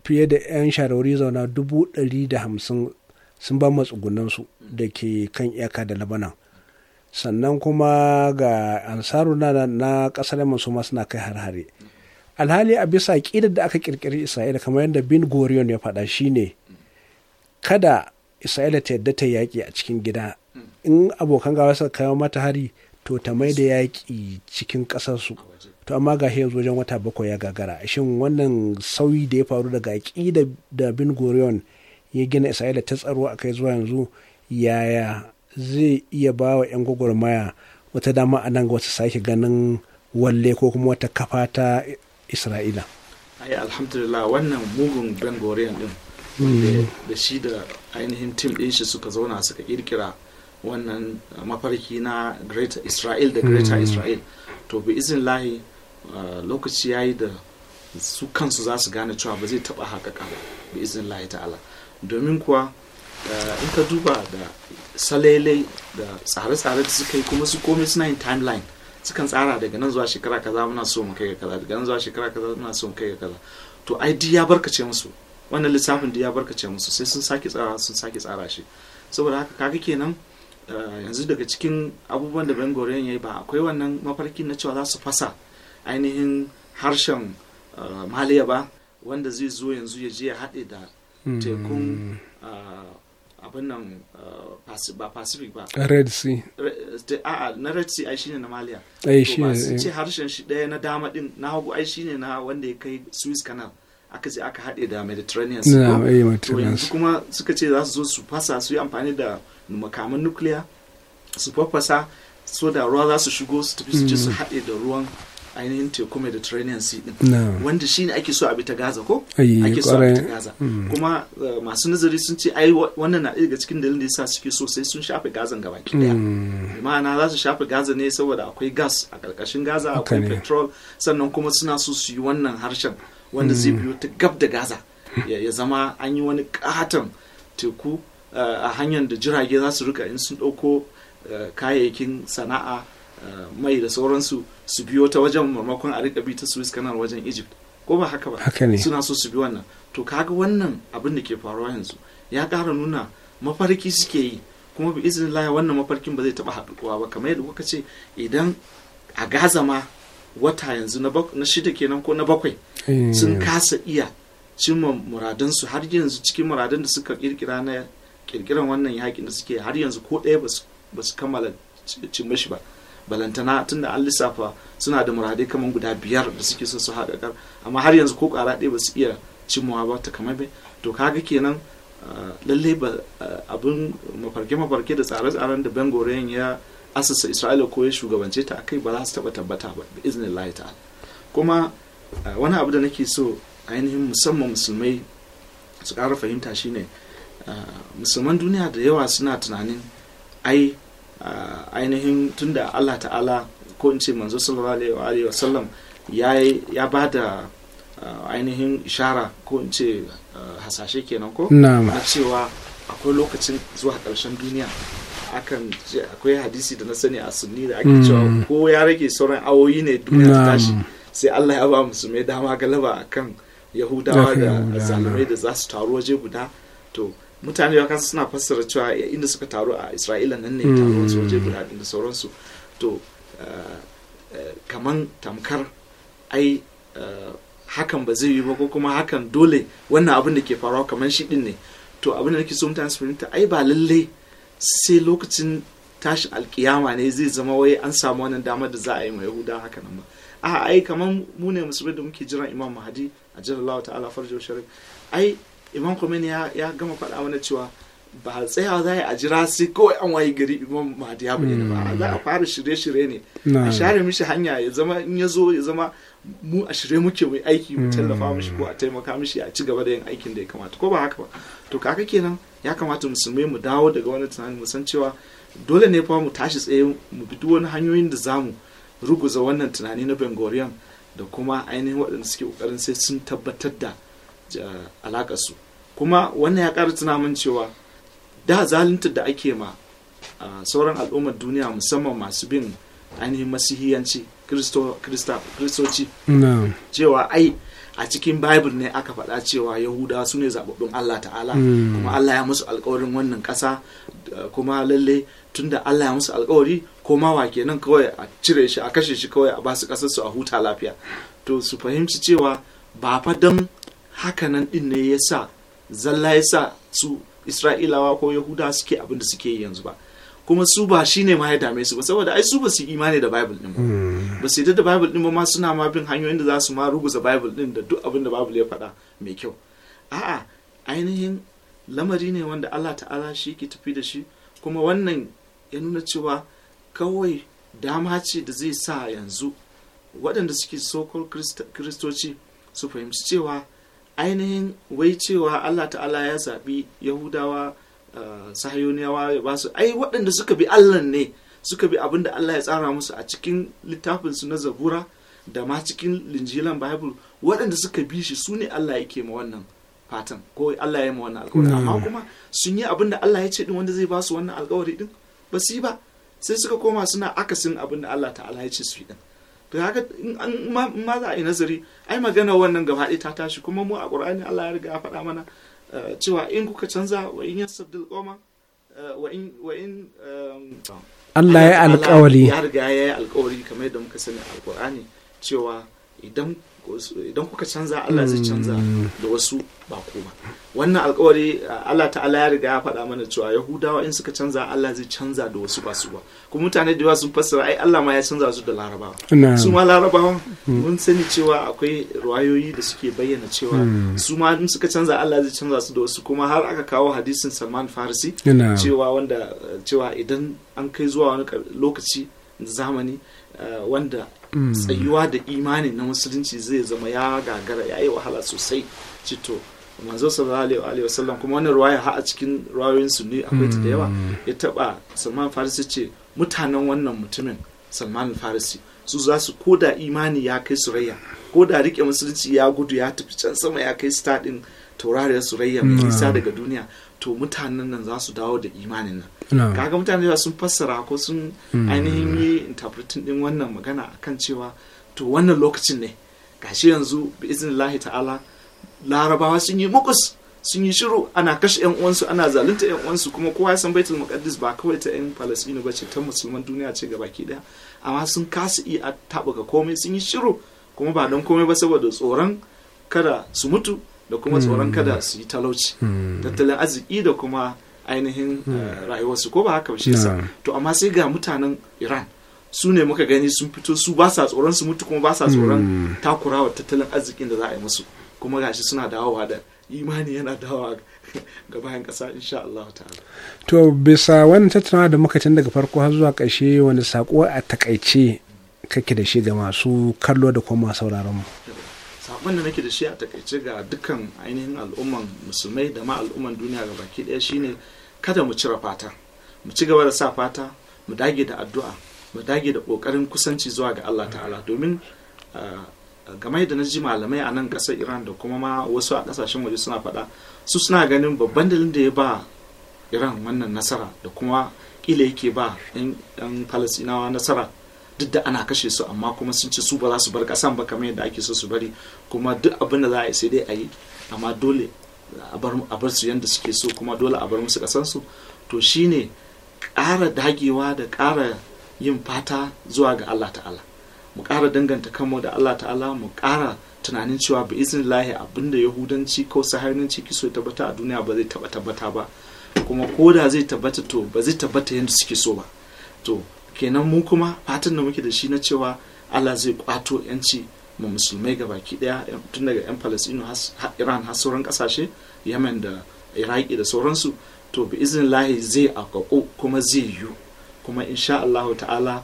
fiye da 'yan sharori zauna dubu ɗari da hamsin sun ba matsugunansu da ke kan iyaka da labanan sannan kuma ga ansaru na na ƙasar yamma su suna kai har-hare alhali a bisa ƙidar da aka ƙirƙiri isra'ila kamar yadda bin goriyon ya faɗa shine kada isra'ila ta yadda ta yaƙi a cikin gida in abokan gawa suka kawo mata hari to ta mai da yaƙi cikin ƙasarsu to amma ga yanzu wajen wata bakwai ya gagara shin wannan sauyi da ya faru daga aƙida da bin goriyon ya gina isra'ila ta tsaro a kai zuwa yanzu yaya zai iya ba wa 'yan gwagwarmaya wata dama a nan ga wasu sake ganin walle ko kuma wata kafa ta isra'ila
ai alhamdulillah wannan mugun bin gorion din mm. da shi ainihin tim din shi suka zauna suka kirkira wannan mafarki na greater israel da greater mm. israel to bi izin lahi Eh, lokaci ya yi da su kansu za su gane cewa ba zai taɓa haƙaƙa ba izin lahi ta'ala domin kuwa eh, in ka duba da salele da tsare-tsare da suka yi kuma su komai suna yin timeline sukan tsara daga nan zuwa shekara kaza muna so mu kai ga kaza daga nan zuwa shekara kaza muna so mu kai ga kaza to ai duk ya barkace musu wannan lissafin duk ya barkace musu sai sun sake tsara sun sake tsara shi saboda haka kaga kenan eh, yanzu daga cikin abubuwan da Ben Gurion ya yi ba akwai wannan mafarkin na cewa za su fasa ainihin harshen uh, maliya ba wanda zai zo yanzu ya je ya haɗe da hmm. tekun uh, abin nan uh, ba pacific ba red sea a na red sea ai shine na maliya eh, to eh. ce harshen shi ɗaya na dama din na hagu ai shine na wanda ya kai swiss canal aka ce aka haɗe da mediterranean eh, to yanzu kuma suka ce za su zo su fasa su yi amfani da makaman nukiliya su fafasa so da ruwa za su shigo su tafi su je su hmm. haɗe da ruwan ainihin teku mediterranean sea din wanda shi ne ake so a bi ta gaza ko ake so a bi gaza hmm. kuma eh, masu nazari sun ce ai wannan na daga cikin dalilin da yasa suke so sai sun shafe gazan gaba
ki daya hmm.
ma'ana za su shafe gaza ne saboda akwai gas a karkashin gaza akwai petrol sannan kuma suna so su yi wannan harshen wanda zai hmm. biyo ta gab da gaza ya zama an yi wani katon teku eh, a hanyar da jirage za su rika in sun ɗauko eh, kayayyakin sana'a Eh, mai da sauransu su biyo ta wajen maimakon a riƙa bi ta Suez Canal wajen Egypt ko ba haka ba suna so su bi wannan to kaga wannan abin da ke faruwa yanzu ya ƙara nuna mafarki suke yi kuma bi laya wannan mafarkin ba zai taba haɗuwa ba kamar yadda kuka ce idan a Gaza ma wata yanzu na shida kenan ko na bakwai eh. sun kasa iya cimma muradansu har yanzu cikin muradan da suka kirkira na kirkiran wannan yaƙin da suke har yanzu ko ɗaya ba su kammala cimma shi ba balantana tun da an lissafa suna da muradai kamar guda biyar da suke so su haɗa ƙar amma har yanzu ko ƙara ɗaya ba su iya cimmawa ba ta kamar bai to kaga kenan ah, lallai ba ah, abin mafarke-mafarke da tsare-tsaren da ben goren ya asasa isra'ila ko ya shugabance ta akai ba za su taɓa tabbata ba bi iznin ta kuma ah, wani abu da nake so ainihin musamman musulmai su ƙara fahimta shine musulman duniya da yawa suna tunanin ai Ah, ainihin tunda Allah ta'ala ko in ce manzo sallallahu alaihi Wa sallam ya ba da ah, ainihin ishara ko in ce ah, hasashe kenan ko na cewa akwai lokacin zuwa ƙarshen duniya akan akwai hadisi da na sani a sunni da ake cewa mm. ko ya rage sauran awoyi ne duniya ta tashi sai Allah ya ba musulmai dama galaba akan yahudawa da zalimai da za su taru waje guda to mutane ya kansu suna fassara cewa inda suka taru a isra'ila nan ne hmm. taruwan su waje guda da sauransu to eh, eh, kaman tamkar ai eh, hakan ba zai yi ba ko kuma hakan dole wannan abin da ke faruwa kaman shi din ne to abin da nake so mutane su fahimta ai ba lallai sai lokacin tashin alkiyama ne zai zama wai an samu wannan damar da za a yi ma yahuda haka nan ba a ai kaman mu ne musulmi da muke jiran imam mahadi a jallallahu ta'ala farjo sharif ai imam Khomeini ya gama faɗa mana cewa ba tsayawa za a jira sai kawai an waye gari imam mahdi ya ba hmm. za a fara shirye-shirye ne a share mishi hanya ya zama in ya zo ya zama mu a shirye muke mai aiki mu tallafa hmm. mishi ko a taimaka mishi a ci gaba da yin aikin da ya kamata ko ba haka ba to kaka kenan ya kamata musulmai mu dawo daga wani tunani mu san cewa dole ne fa mu tashi tsaye mu bi duk wani hanyoyin da zamu ruguza wannan tunani na bengoriyan da kuma ainihin waɗanda suke ƙoƙarin sai sun tabbatar da Eh, alakarsu kuma wannan ya ƙara tunamin cewa da zaluntar da ake ma eh, sauran al'ummar duniya musamman masu bin ainihin masihiyanci kristoci cewa ai a cikin bible ne aka faɗa cewa yahuda su ne zaɓaɓɓun allah ta'ala hmm. kuma allah ya musu alkawarin wannan ƙasa eh, kuma lalle tunda allah ya musu alkawari ko mawa kenan kawai a cire shi a kashe shi kawai a basu ƙasarsu a huta lafiya to su fahimci cewa ba fa don hakanan din ne ya sa zalla ya sa su isra'ilawa ko yahuda suke abin da suke yi yanzu ba kuma su ba shi ne ma ya dame su ba saboda ai su ba su imani da bible din
ba hmm.
ba su yi da bible din ba ma suna ma bin hanyoyin da za su ma rubuta bible din da duk abin da bible ya faɗa mai kyau a'a ainihin lamari ne wanda Allah ta'ala shi ke tafi da shi kuma wannan ya nuna cewa kawai dama ce da zai sa yanzu waɗanda suke sokar kristoci su fahimci cewa ainihin wai cewa allah ta'ala ya zaɓi yahudawa uh, sahayoniyawa ya ba su ai waɗanda suka bi allah ne suka bi abin da allah ya tsara musu a cikin littafinsu na zabura da ma cikin linjilan bible waɗanda suka bi shi su ne allah yake ma wannan fatan ko allah ya yi ma wannan alkawari amma hmm. kuma sun yi abin da allah ya ce din wanda zai ba su wannan alkawari din ba su yi ba sai suka koma suna akasin abin da allah ta'ala ya ce su yi din to haka in ma za a yi nazari ai magana wannan gaba ɗaya ta tashi kuma mu a ƙur'ani Allah ya riga ya faɗa mana eh, cewa in kuka canza wa in yasabdil qoma eh, wa in wa in ehm,
Allah ya alƙawari ya
riga ya yi alƙawari kamar yadda muka sani a ƙur'ani cewa idan idan kuka canza Allah zai canza hmm. da wasu ba kuma wannan alkawari uh, Allah ta'ala ya riga ya faɗa mana cewa Yahudawa in suka canza Allah zai canza da wasu ba su ba kuma mutane da yawa sun fassara ai Allah ma ya canza su da Larabawa su ma Larabawa hmm. mun sani cewa akwai ruwayoyi da suke bayyana cewa hmm. su ma in suka canza Allah zai canza su da wasu kuma har aka kawo hadisin Salman Farisi cewa wanda cewa idan an kai zuwa wani lokaci zamani uh, wanda Mm. tsayuwa da imani na musulunci zai zama ya gagara ya yi wahala sosai cito manzo sallallahu alaihi wasallam kuma wannan ruwaya har a cikin ruwayoyin su ne akwai ta da yawa mm. ya taba salman farisi ce mutanen wannan mutumin salman farisi su za su koda imani ya kai surayya koda rike musulunci ya gudu ya tafi can sama ya kai stadin taurariyar surayya mai nisa mm. daga duniya to mutanen nan za su dawo da imanin nan kaga mutane da sun fassara ko sun hmm. ainihin yi interpretin din wannan magana akan cewa to wannan lokacin ne gashi yanzu bi lahi ta'ala larabawa sun yi mukus sun yi shiru ana kashe yan uwansu ana zalunta yan uwansu kuma kowa ya san baitul muqaddis ba kawai ta yan palestino ba ce ta musulman duniya ce baki daya amma sun kasa iya tabuka komai sun yi shiru kuma ba don komai ba saboda tsoron kada su mutu da kuma tsoron mm. kada su yi talauci mm. tattalin arziki da kuma ainihin mm. eh, rayuwarsu ko ba haka ba shi to amma sai ga mutanen iran su ne muka gani sun fito su ba sa tsoron su mutu kuma ba sa tsoron takurawa tattalin arzikin da za a yi musu kuma gashi suna dawowa da imani yana dawowa ga bayan kasa insha Allah
ta'ala to bisa wannan tattaunawa da muka tun daga farko har zuwa ƙarshe wani sako a takaice kake da shi ga masu kallo da kuma sauraron mu
abin da nake da shi a takaice ga dukkan ainihin al'umman musulmai da ma al'umman duniya ga baki ɗaya shine kada mu cire fata mu ci gaba da sa fata mu dage da addu'a mu dage da ƙoƙarin kusanci zuwa ga Allah ta'ala domin game da na ji malamai a nan ƙasar Iran da kuma ma wasu a ƙasashen waje suna faɗa su suna ganin babban dalilin da ya ba Iran wannan nasara da kuma kila yake ba 'yan Falasinawa nasara duk da ana kashe su amma kuma sun ce su ba za su bar kasan ba kamar yadda ake so su bari kuma duk abin da za a yi sai dai a yi amma dole a bar su yadda suke so kuma dole a bar musu kasan su to shine ƙara dagewa da ƙara yin fata zuwa ga Allah ta'ala mu ƙara danganta kanmu da Allah ta'ala mu ƙara tunanin cewa bi izin lahi abinda yahudanci ko saharinanci so ya tabbata a duniya ba zai taba tabbata ba kuma ko da zai tabbata to ba zai tabbata yadda suke so ba to kenan mu kuma fatan da muke da shi na cewa allah zai kwato yanci mu musulmai ga baki daya tun daga yan palestino iran har sauran kasashe yemen da iraki da sauransu to bi izin lahi zai akaku kuma zai yiwu kuma insha allah ta'ala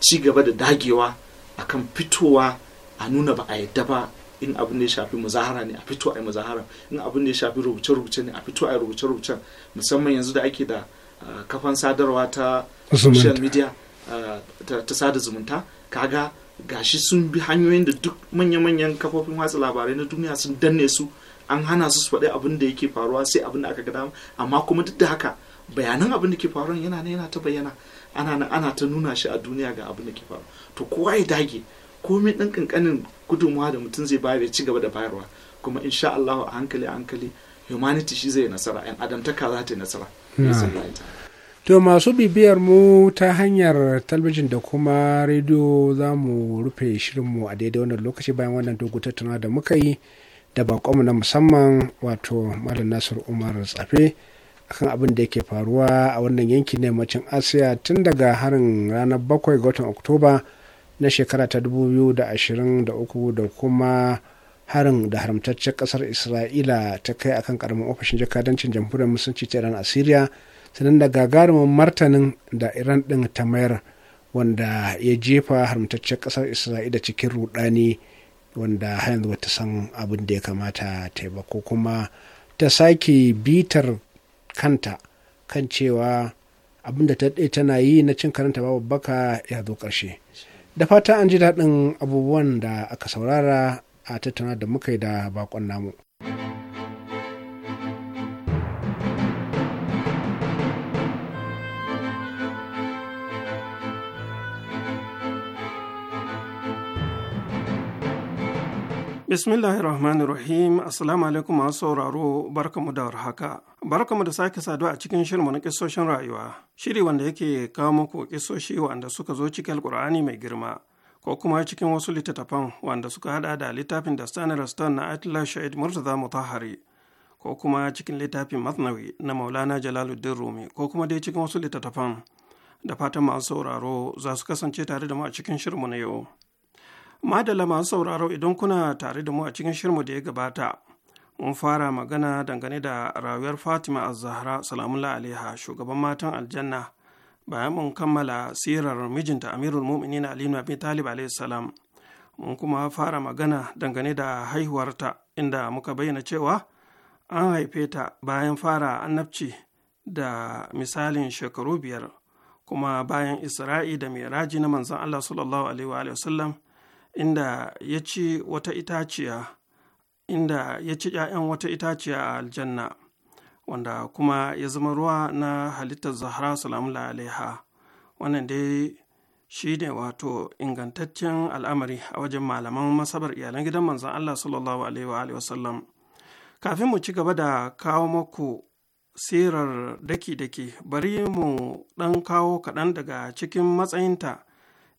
ci gaba da dagewa akan fitowa a nuna ba a yadda ba in abin da ya shafi muzahara ne a fito a yi muzahara in abin da ya shafi rubuce-rubuce ne a fito a yi rubuce-rubucen musamman yanzu da ake da kafan sadarwa ta social media eh, ta sada zumunta kaga gashi sun bi hanyoyin da duk manya-manyan kafofin watsa labarai na duniya sun danne su an hana su faɗi abin da yake faruwa sai abin da aka gada amma kuma duk da haka bayanan abin da ke faruwa yana yana ta bayyana ana ana ta nuna shi a duniya ga abin da ke faruwa to kowa ya dage komai ɗan ƙanƙanin gudunmawa da mutum zai bayar ya ci gaba da bayarwa kuma insha Allah a hankali a hankali humanity shi zai nasara yan adamtaka za ta yi nasara
hmm. To masu bibiyar mu ta hanyar talbijin da kuma rediyo za mu rufe shirinmu a daidai wannan lokaci bayan wannan dogo tattauna da muka yi da bakonmu na musamman wato Malam Nasir Umar Tsafe akan abin da yake faruwa a wannan yankin na yammacin Asiya tun daga harin ranar bakwai ga watan Oktoba na shekara ta 2023 da kuma harin da haramtaccen kasar Isra'ila ta kai akan karamin ofishin jakadancin jamhuriyar musulunci ta Iran a Siriya. sanan da gagarumin martanin da iran din ta mayar wanda ya jefa haramtaccen kasar isra'ila cikin rudani wanda yanzu bata san abin da ya kamata ta ba ko kuma ta sake bitar kanta kan cewa abin da ta daɗe tana yi na cin karanta babu baka ya zo ƙarshe da fata an ji daɗin abubuwan da aka saurara a tattauna da muka yi da bakon namu.
Bismillahirrahmanirrahim. Assalamu alaikum masu sauraro barkamu da warhaka. Barkamu da sake saduwa a cikin shirmu na kisoshin rayuwa. Shiri wanda yake kawo muku kisoshi wanda suka zo cikin Alkur'ani mai girma ko kuma cikin wasu littattafan wanda suka hada da littafin da Stanley Stone na Atila Shahid Murtaza Mutahari ko kuma cikin littafin Masnawi na Maulana Jalaluddin Rumi ko kuma dai cikin wasu littattafan da fatan masu sauraro za su kasance tare da mu a cikin shirmu na yau. Madala masu sauraro idan kuna tare da mu a cikin shirmu da ya gabata, mun fara magana dangane da rayuwar Fatima a zahra salamullah alaiha shugaban matan aljanna bayan mun kammala sirar mijinta Amirul Mu'minin Ali ibn Talib alaihi salam. Mun kuma fara magana dangane da haihuwarta inda muka bayyana cewa an haife ta bayan fara annabci da misalin shekaru biyar kuma bayan isra'i da miraji na manzon Allah sallallahu alaihi wa sallam inda ya ci wata itaciya inda ya ci ‘ya'yan wata itaciya a aljanna wanda kuma ya zama ruwa na halittar zahra salamu alaiha wannan dai shi ne wato ingantaccen al'amari a wajen malaman masabar iyalan gidan manzan Allah sallallahu alaihi wasallam kafin mu ci gaba da kawo maku sirar daki-daki bari mu ɗan kawo kaɗan daga cikin matsayinta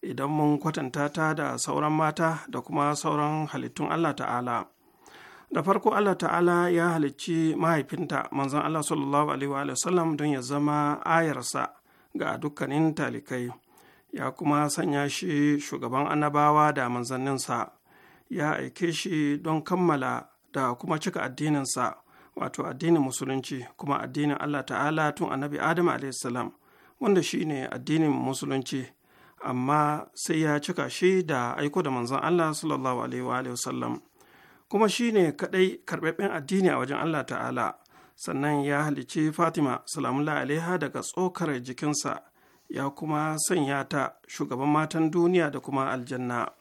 idan mun kwatanta ta da sauran mata da kuma sauran halittun Allah ta'ala da farko Allah ta'ala ya halicci mahaifinta manzon Allah sallallahu alaihi don ya zama ayarsa ga dukkanin talikai ya kuma sanya shi shugaban annabawa da manzanninsa ya aike shi don kammala da kuma cika addininsa wato addinin musulunci kuma addinin Allah ta'ala tun annabi Adam alaihi wanda shine addinin musulunci amma sai ya cika shi da aiko da manzon Allah sallallahu alaihi wasallam kuma shi ne kaɗai karɓaɓɓen addini a wajen Allah ta'ala sannan ya halicci Fatima salamullah alaiha daga tsokar jikinsa ya kuma sanya ta shugaban matan duniya da kuma aljanna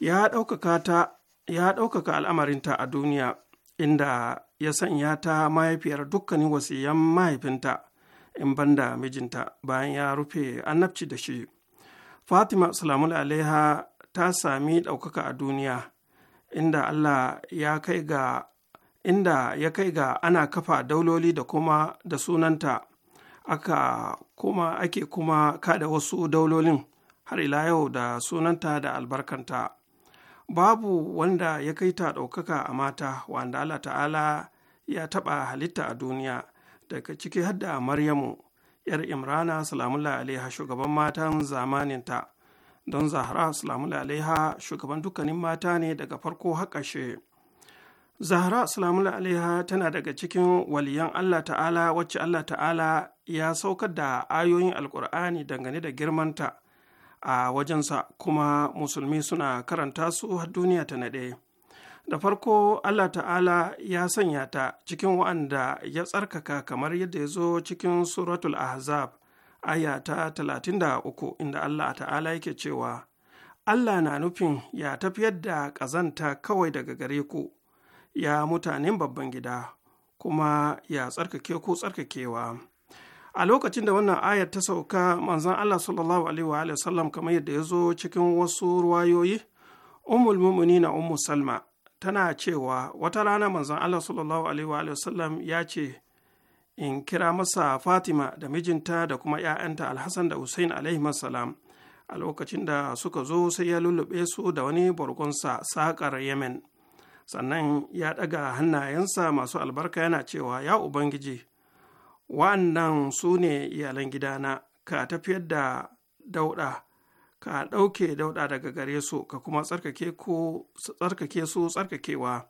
ya ɗaukaka ya ɗaukaka al'amarinta a duniya inda ya sanya ta mahaifiyar dukkanin wasiyan mahaifinta in banda mijinta bayan ya rufe annabci da shi fatima salamun alaiha ta sami ɗaukaka a duniya inda allah ya kai ga inda ya kai ga ana kafa dauloli da kuma da sunanta aka kuma ake kuma kada wasu daulolin har ila yau da sunanta da albarkanta babu wanda ya kai ta ɗaukaka a mata wanda allah ta'ala ya taɓa halitta a duniya daga ciki hadda maryamu yar imrana salamullah alaiha shugaban matan zamaninta don zahra salamullah alaiha shugaban dukkanin mata ne daga farko haƙashe zahra salamullah alaiha tana daga cikin waliyan allah ta'ala wacce allah ta'ala ya saukar da ayoyin alkur'ani dangane da girmanta a wajensa kuma musulmi suna karanta su har duniya ta naɗe. da farko Allah ta'ala ya sanya ta cikin wa'anda ya tsarkaka kamar yadda ya zo cikin suratul ahzab aya ta 33 inda Allah ta'ala yake cewa Allah na nufin ya tafi yadda ƙazanta kawai daga gare ku ya mutanen babban gida kuma ya tsarkake ku tsarkakewa a lokacin da wannan ayar ta sauka manzon Allah sallallahu alaihi wa sallam kamar yadda ya zo cikin wasu ruwayoyi ummul na ummu salma tana cewa wata rana manzon Allah sallallahu alaihi wasallam ya ce in kira masa Fatima da mijinta da kuma ‘ya'yanta Alhassan da Hussein alaihi salam a lokacin da suka zo sai ya lullube su da wani bargonsa saƙar Yemen. Sannan ya ɗaga hannayensa masu albarka yana cewa, ‘Ya Ubangiji, wa'annan su ne iyalan gidana, ka tafiyar da dauɗa ka ɗauke dauɗa daga gare su ka kuma tsarkake su tsarkakewa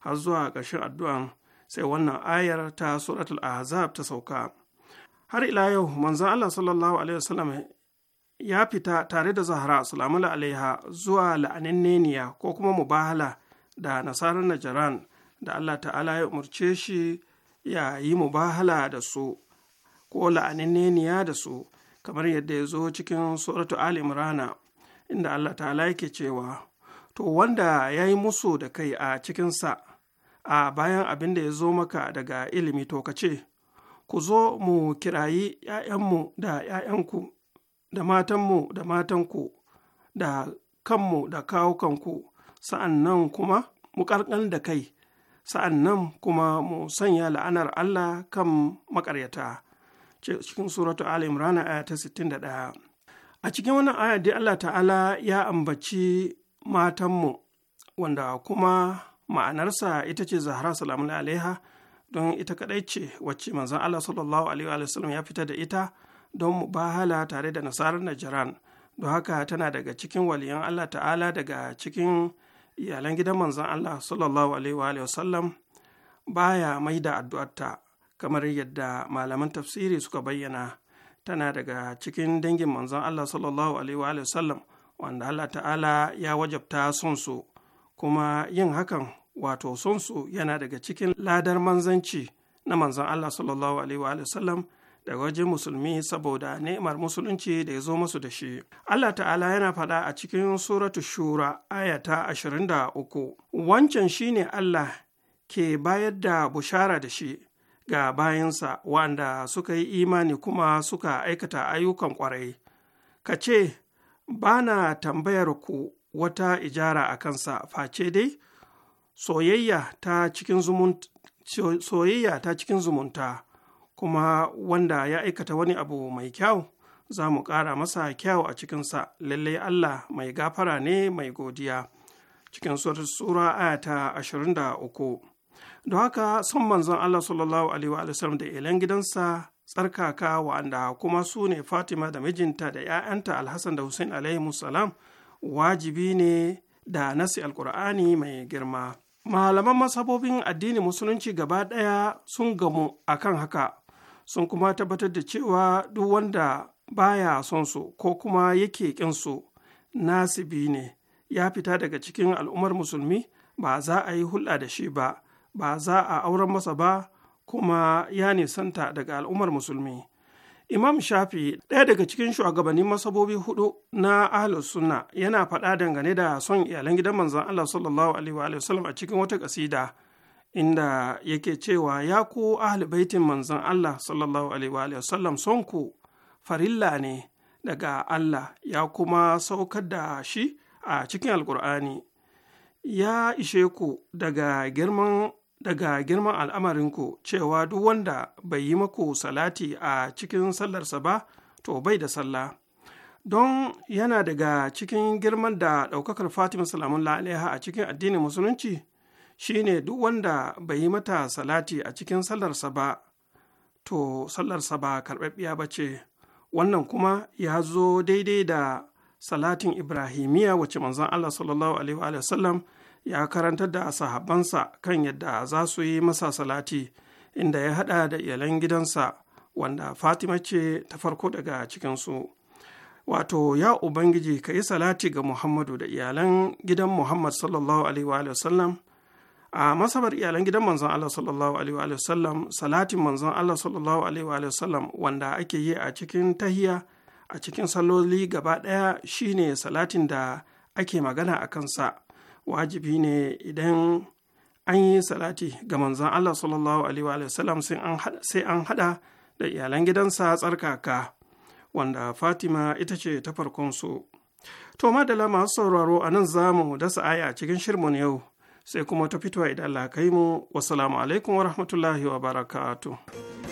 har zuwa ƙarshen addu'an sai wannan ayar ta suratul azab ta sauka har ila yau manzon Allah sallallahu alaihi wasallam ya fita tare da Zahra salamu alaiha zuwa la'aninneniya ko kuma mubahala da nasarar Najaran da Allah ta'ala ya umarce shi ya yi mubahala da su ko la'aninneniya da su kamar yadda ya zo cikin suratu al rana inda allah ta yake cewa to wanda ya yi musu da kai a cikinsa a bayan abin da ya zo maka daga ilimi to ka ce ku zo mu kirayi ‘ya'yanmu da ‘ya'yanku da matanmu da matanku da kanmu da kawukanku sa'an nan kuma mu ƙarƙan da kai sa'an nan kuma mu sanya la'anar Allah kan maƙaryata cikin suratu al imran aya ta 61 a cikin wannan aya dai Allah ta'ala ya ambaci matanmu wanda kuma ma'anarsa ita ce zahra salamun alaiha don ita kadai ce wacce manzon Allah sallallahu alaihi wa sallam ya fita da ita don mu mubahala tare da nasarar Najran don haka tana daga cikin waliyan Allah ta'ala daga cikin iyalan gidan manzon Allah sallallahu alaihi wa sallam baya maida addu'arta kamar yadda malaman tafsiri suka bayyana tana daga cikin dangin manzon Allah sallallahu alaihi wa sallam wanda Allah ta'ala ya wajabta son su kuma yin hakan wato son yana daga cikin ladar manzanci na manzon Allah sallallahu alaihi wa sallam daga wajen musulmi saboda ni'imar musulunci da ya zo masu da shi. Allah ta'ala yana faɗa a cikin suratu shura ayata 23 wancan shine Allah ke bayar da bushara da shi ga bayansa wanda suka yi imani kuma suka aikata ayyukan ƙwarai ka ce ba na tambayar ku wata ijara a kansa face dai soyayya ta cikin zumunta kuma wanda ya aikata wani abu mai kyau za mu ƙara masa kyau a cikinsa lallai Allah mai gafara ne mai godiya cikin sura aya ta uku. don haka son manzon Allah sallallahu alaihi wa sallam da ilan gidansa tsarkaka wa'anda kuma su ne Fatima da mijinta da 'ya'yanta Alhassan da Hussein alaihi salam wajibi ne da nasi alkur'ani mai girma malaman masabobin addini musulunci gaba ɗaya sun gamu a kan haka sun kuma tabbatar da cewa duk wanda baya son su ko kuma yake ƙin su nasibi ne ya fita daga cikin al'ummar musulmi ba za a yi hulɗa da shi ba ba za a auren masa ba kuma ya nisanta daga al'ummar musulmi imam shafi ɗaya daga cikin shugabannin masabobi hudu na ahlus sunna yana faɗa dangane da son iyalan gidan manzon allah sallallahu alaihi wa a cikin wata kasida inda yake cewa ya ku ahli baitin manzon allah sallallahu alaihi wa son ku farilla ne daga allah ya kuma saukar da shi a cikin alkur'ani ya ishe ku daga girman daga girman al'amarinku cewa duk wanda bai yi maku salati a cikin sallarsa ba to bai da sallah don yana daga cikin girman da ɗaukakar fatima salamun La’aliha a cikin addinin musulunci shine duk wanda bai yi mata salati a cikin sallarsa ba to sallarsa ba karɓaɓɓiya ba ce wannan kuma ya zo daidai da salatin ibrahimiya wacce manzon allah sallallahu alaihi wa sallam ya karantar da sahabansa kan yadda za su yi masa salati inda ya haɗa da iyalan gidansa wanda fatima ce ta farko daga cikinsu wato ya ubangiji ka yi salati ga muhammadu da iyalan gidan muhammad sallallahu alaihi wa a masabar iyalan gidan manzon allah sallallahu alaihi wa sallam salatin manzon allah sallallahu alaihi wa sallam wanda ake yi a cikin tahiya a cikin saloli gaba ɗaya shine salatin da ake magana a kansa wajibi ne idan an yi salati ga manzon Allah sallallahu alaihi wa sallam sai an hada da iyalan gidansa tsarkaka wanda Fatima ita ce ta farkon su. To madala masu sauraro a nan zamu dasa aya cikin na yau sai kuma ta fitowa idan Allah kai mu. wasu alaikum wa rahmatullahi wa barakatuh.